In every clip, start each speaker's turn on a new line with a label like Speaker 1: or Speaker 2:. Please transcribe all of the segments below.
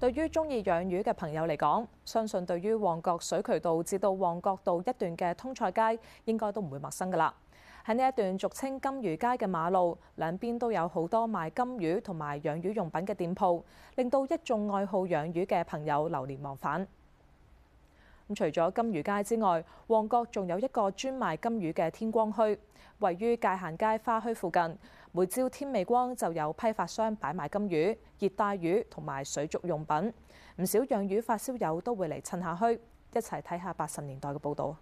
Speaker 1: 對於中意養魚嘅朋友嚟講，相信對於旺角水渠道至到旺角道一段嘅通菜街，應該都唔會陌生㗎啦。喺呢一段俗稱金魚街嘅馬路，兩邊都有好多賣金魚同埋養魚用品嘅店鋪，令到一眾愛好養魚嘅朋友流連忘返。咁除咗金魚街之外，旺角仲有一個專賣金魚嘅天光墟，位於界限街花墟附近。每朝天未光就有批發商擺賣金魚、熱帶魚同埋水族用品，唔少養魚發燒友都會嚟趁下墟，一齊睇下八十年代嘅報
Speaker 2: 導。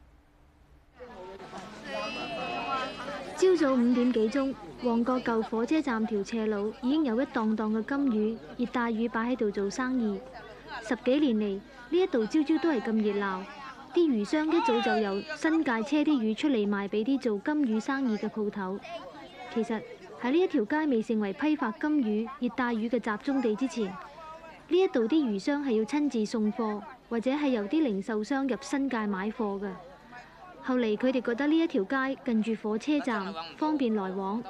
Speaker 2: 朝早五點幾鐘，旺角舊火車站條斜路已經有一檔檔嘅金魚、熱帶魚擺喺度做生意。十幾年嚟，呢一度朝朝都係咁熱鬧，啲魚商一早就由新界車啲魚出嚟賣俾啲做金魚生意嘅鋪頭。其實喺呢一條街未成為批發金魚、熱帶魚嘅集中地之前，呢一度啲魚商係要親自送貨，或者係由啲零售商入新界買貨嘅。後嚟佢哋覺得呢一條街近住火車站，方便來往，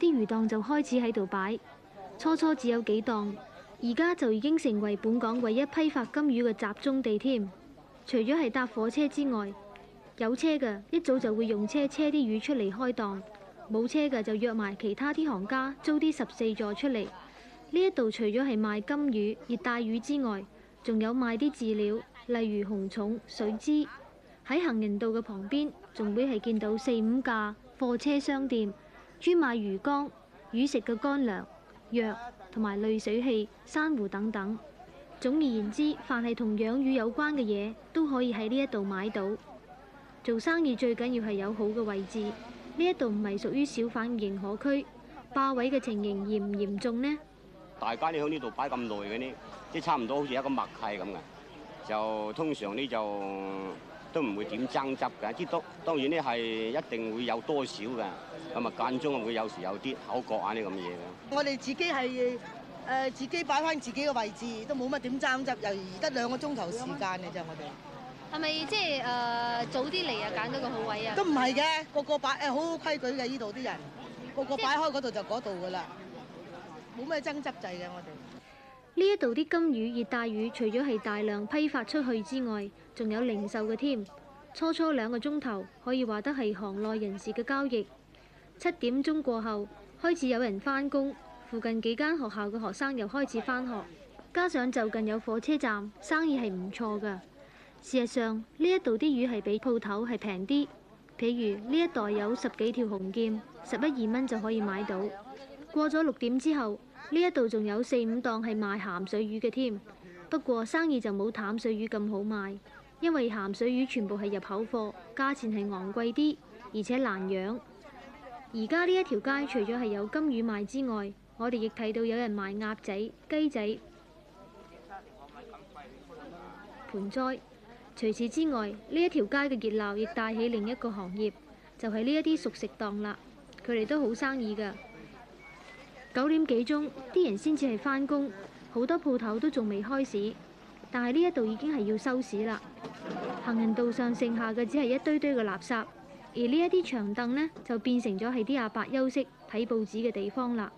Speaker 2: 啲魚檔就開始喺度擺，初初只有幾檔。而家就已經成為本港唯一批發金魚嘅集中地添。除咗係搭火車之外，有車嘅一早就會用車車啲魚出嚟開檔；冇車嘅就約埋其他啲行家租啲十四座出嚟。呢一度除咗係賣金魚、熱帶魚之外，仲有賣啲飼料，例如紅蟲、水枝。喺行人道嘅旁邊，仲會係見到四五架貨車商店，專賣魚缸、魚食嘅乾糧、藥。同埋濾水器、珊瑚等等。總而言之，凡係同養魚有關嘅嘢，都可以喺呢一度買到。做生意最緊要係有好嘅位置，呢一度唔係屬於小販認可區，霸位嘅情形嚴唔嚴重呢？大家你喺呢度擺咁耐嘅呢，即係差唔多好似一個默契咁嘅，就通常呢就。都唔會點爭執嘅，啲都當然呢係一定會有多少嘅，咁啊間中會有時有啲口角啊呢咁嘅嘢嘅。
Speaker 1: 我哋自己係誒自己擺返自己嘅位置，都冇乜點爭執，又得兩個鐘頭時間嘅咋我哋。
Speaker 2: 係咪即係誒早啲嚟啊？揀咗個好位啊？都唔係嘅，
Speaker 1: 個個擺誒好好規矩嘅依度啲人，個個擺開嗰度就嗰度噶啦，冇咩爭執滯嘅我哋。
Speaker 2: 呢一度啲金魚、熱帶魚，除咗係大量批發出去之外，仲有零售嘅添。初初兩個鐘頭可以話得係行內人士嘅交易。七點鐘過後開始有人返工，附近幾間學校嘅學生又開始返學，加上就近有火車站，生意係唔錯㗎。事實上，呢一度啲魚係比鋪頭係平啲。譬如呢一袋有十幾條紅劍，十一二蚊就可以買到。過咗六點之後。呢一度仲有四五檔係賣鹹水魚嘅添，不過生意就冇淡水魚咁好賣，因為鹹水魚全部係入口貨，價錢係昂貴啲，而且難養。而家呢一條街除咗係有金魚賣之外，我哋亦睇到有人賣鴨仔、雞仔、盆栽。除此之外，呢一條街嘅熱鬧亦帶起另一個行業，就係呢一啲熟食檔啦，佢哋都好生意噶。九點幾鐘，啲人先至係返工，好多鋪頭都仲未開市，但係呢一度已經係要收市啦。行人道上剩下嘅只係一堆堆嘅垃圾，而呢一啲長凳呢，就變成咗係啲阿伯休息睇報紙嘅地方啦。